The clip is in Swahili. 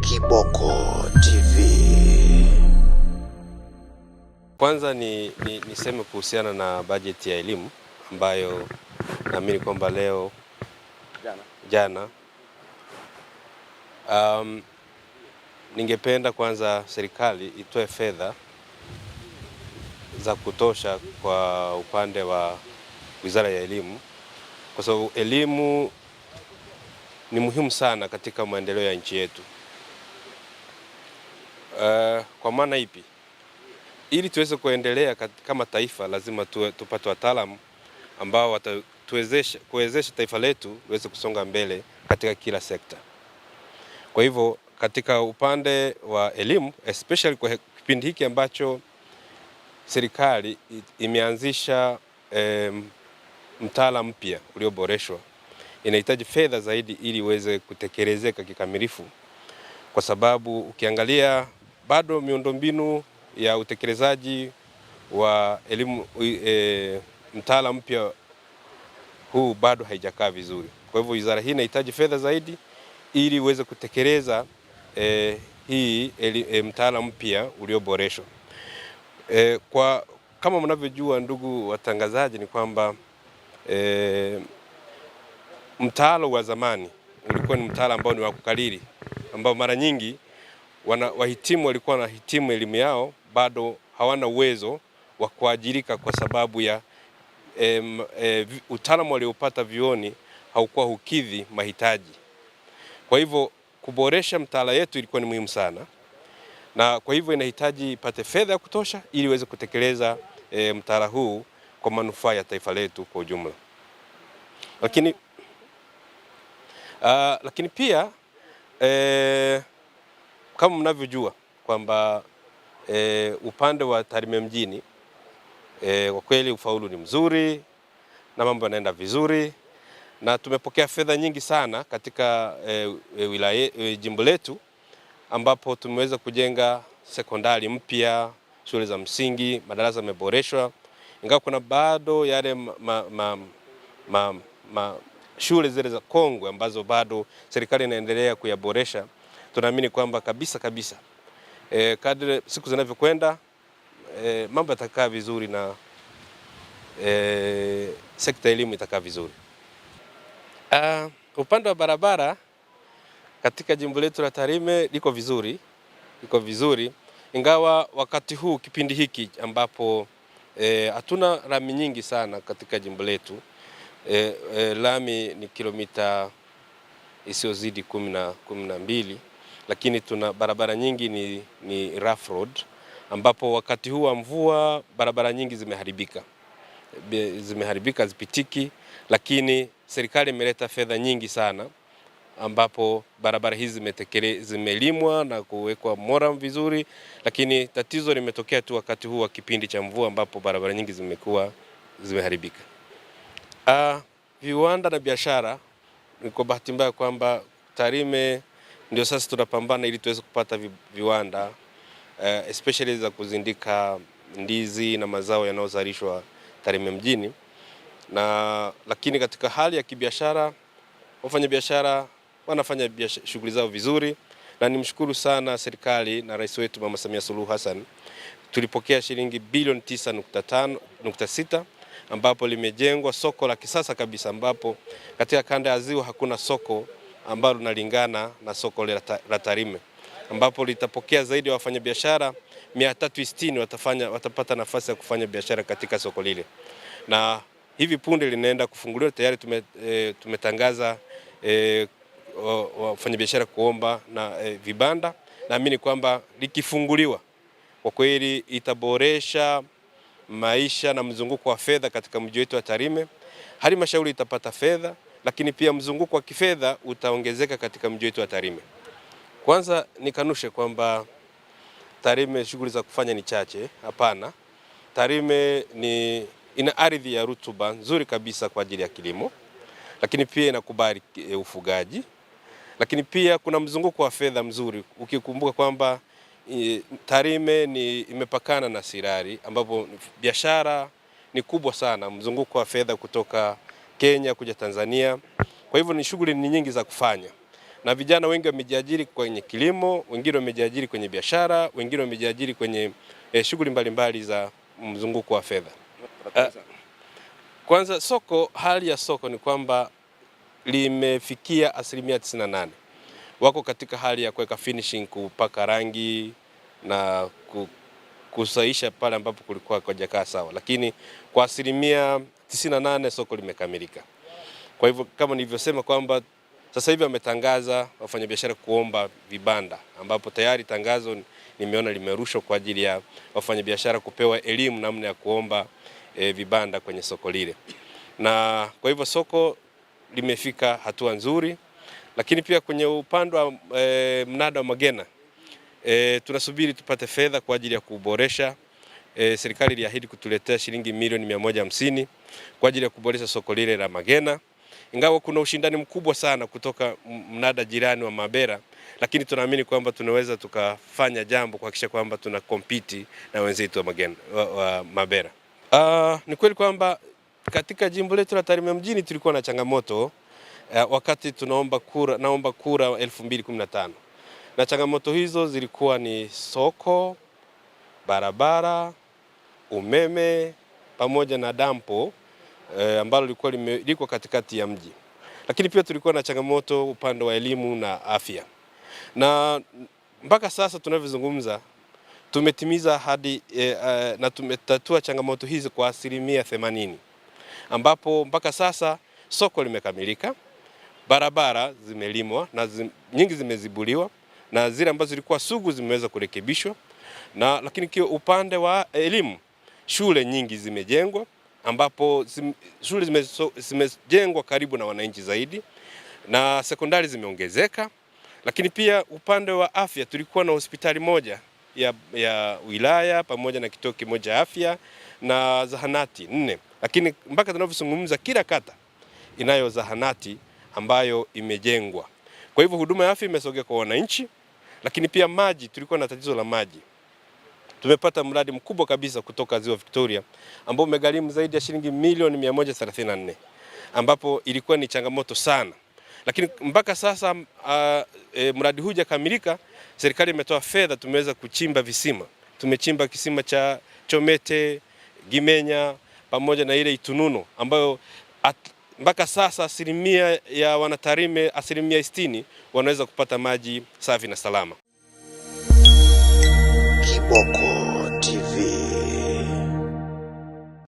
Kiboko TV. Kwanza ni, ni, niseme kuhusiana na bajeti ya elimu ambayo naamini kwamba leo jana, jana. Um, ningependa kwanza serikali itoe fedha za kutosha kwa upande wa Wizara ya Elimu kwa sababu elimu ni muhimu sana katika maendeleo ya nchi yetu. Uh, kwa maana ipi? Ili tuweze kuendelea kama taifa lazima tupate wataalamu ambao watatuwezesha kuwezesha taifa letu liweze kusonga mbele katika kila sekta. Kwa hivyo katika upande wa elimu especially kwa kipindi hiki ambacho serikali imeanzisha um, mtaala mpya ulioboreshwa, inahitaji fedha zaidi ili iweze kutekelezeka kikamilifu, kwa sababu ukiangalia bado miundombinu ya utekelezaji wa elimu e, mtaala mpya huu bado haijakaa vizuri. Kwa hivyo wizara hii inahitaji fedha zaidi ili iweze kutekeleza e, hii e, mtaala mpya ulioboreshwa. E, kwa kama mnavyojua ndugu watangazaji, ni kwamba e, mtaala wa zamani ulikuwa ni mtaala ambao ni wa kukariri ambao mara nyingi wana, wahitimu walikuwa wanahitimu elimu yao bado hawana uwezo wa kuajirika kwa sababu ya em, e, utaalamu waliopata vyuoni haukuwa hukidhi mahitaji. Kwa hivyo kuboresha mtaala yetu ilikuwa ni muhimu sana, na kwa hivyo inahitaji ipate fedha ya kutosha ili iweze kutekeleza e, mtaala huu kwa manufaa ya taifa letu kwa ujumla. Lakini, uh, lakini pia e, kama mnavyojua kwamba e, upande wa Tarime mjini e, kwa kweli ufaulu ni mzuri na mambo yanaenda vizuri na tumepokea fedha nyingi sana katika e, e, wilaya, e, jimbo letu ambapo tumeweza kujenga sekondari mpya, shule za msingi, madarasa yameboreshwa, ingawa kuna bado yale ma, ma, ma, ma, shule zile za kongwe ambazo bado serikali inaendelea kuyaboresha tunaamini kwamba kabisa kabisa e, kadri siku zinavyokwenda e, mambo yatakaa vizuri na e, sekta ya elimu itakaa vizuri. Uh, upande wa barabara katika jimbo letu la Tarime liko vizuri, liko vizuri ingawa wakati huu kipindi hiki ambapo e, hatuna e, lami nyingi sana katika jimbo letu e, e, lami ni kilomita isiyozidi kumi na mbili lakini tuna barabara nyingi ni, ni rough road ambapo wakati huu wa mvua barabara nyingi zimeharibika zimeharibika zipitiki, lakini serikali imeleta fedha nyingi sana ambapo barabara hizi zimelimwa na kuwekwa moram vizuri, lakini tatizo limetokea tu wakati huu wa kipindi cha mvua ambapo barabara nyingi zimekuwa zimeharibika. Uh, viwanda na biashara, ni kwa bahati mbaya kwamba Tarime ndio sasa tunapambana ili tuweze kupata viwanda uh, especially za kuzindika ndizi na mazao yanayozalishwa Tarime mjini na lakini katika hali ya kibiashara wafanyabiashara wanafanya shughuli zao vizuri, na nimshukuru sana serikali na rais wetu Mama Samia Suluhu Hassan. Tulipokea shilingi bilioni sita ambapo limejengwa soko la kisasa kabisa, ambapo katika kanda ya Ziwa hakuna soko ambalo linalingana na soko la Tarime ambapo litapokea zaidi ya wafanyabiashara 360 watafanya watapata nafasi ya kufanya biashara katika soko lile, na hivi punde linaenda kufunguliwa tayari. Tume, e, tumetangaza e, wafanyabiashara kuomba na e, vibanda. Naamini kwamba likifunguliwa kwa kweli itaboresha maisha na mzunguko wa fedha katika mji wetu wa Tarime. Halmashauri itapata fedha lakini pia mzunguko wa kifedha utaongezeka katika mji wetu wa Tarime. Kwanza nikanushe kwamba Tarime shughuli za kufanya ni chache, hapana. Tarime ni ina ardhi ya rutuba nzuri kabisa kwa ajili ya kilimo, lakini pia inakubali eh, ufugaji, lakini pia kuna mzunguko wa fedha mzuri, ukikumbuka kwamba eh, Tarime ni imepakana na Sirari ambapo biashara ni kubwa sana, mzunguko wa fedha kutoka Kenya kuja Tanzania. Kwa hivyo ni shughuli ni nyingi za kufanya, na vijana wengi wamejiajiri kwenye kilimo, wengine wamejiajiri kwenye biashara, wengine wamejiajiri kwenye eh, shughuli mbalimbali za mzunguko wa fedha. Uh, kwanza soko, hali ya soko ni kwamba limefikia asilimia 98 wako katika hali ya kuweka finishing, kupaka rangi na kusaisha pale ambapo kulikuwa jakaa sawa, lakini kwa asilimia 98 soko limekamilika. Kwa hivyo kama nilivyosema kwamba sasa hivi ametangaza wafanyabiashara kuomba vibanda, ambapo tayari tangazo nimeona limerushwa kwa ajili ya wafanyabiashara kupewa elimu namna ya kuomba e, vibanda kwenye soko lile, na kwa hivyo soko limefika hatua nzuri, lakini pia kwenye upande wa e, mnada wa Magena e, tunasubiri tupate fedha kwa ajili ya kuboresha e, serikali iliahidi kutuletea shilingi milioni mia moja hamsini kwa ajili ya kuboresha soko lile la Magena, ingawa kuna ushindani mkubwa sana kutoka mnada jirani wa Mabera, lakini tunaamini kwamba tunaweza tukafanya jambo kuhakikisha kwamba tuna kompiti na wenzetu wa Magena, wa, wa Mabera. Uh, ni kweli kwamba katika jimbo letu la Tarime mjini tulikuwa na changamoto uh, wakati tunaomba kura, naomba kura 2015 na changamoto hizo zilikuwa ni soko, barabara umeme pamoja na dampo e, ambalo lilikuwa liko katikati ya mji, lakini pia tulikuwa na changamoto upande wa elimu na afya, na mpaka sasa tunavyozungumza tumetimiza hadi e, e, na tumetatua changamoto hizi kwa asilimia themanini ambapo mpaka sasa soko limekamilika, barabara zimelimwa na zi, nyingi zimezibuliwa na zile ambazo zilikuwa sugu zimeweza kurekebishwa, na lakini kio upande wa elimu shule nyingi zimejengwa ambapo zim, shule zimejengwa karibu na wananchi zaidi na sekondari zimeongezeka, lakini pia upande wa afya tulikuwa na hospitali moja ya, ya wilaya pamoja na kituo kimoja afya na zahanati nne, lakini mpaka tunavyozungumza kila kata inayo zahanati ambayo imejengwa. Kwa hivyo huduma ya afya imesogea kwa wananchi, lakini pia maji, tulikuwa na tatizo la maji tumepata mradi mkubwa kabisa kutoka Ziwa Victoria ambao umegharimu zaidi ya shilingi milioni 134 ambapo ilikuwa ni changamoto sana, lakini mpaka sasa uh, e, mradi huu hujakamilika. Serikali imetoa fedha, tumeweza kuchimba visima. Tumechimba kisima cha Chomete, Gimenya pamoja na ile Itununo ambayo at, mpaka sasa asilimia ya wanatarime asilimia 60 wanaweza kupata maji safi na salama Kiboko.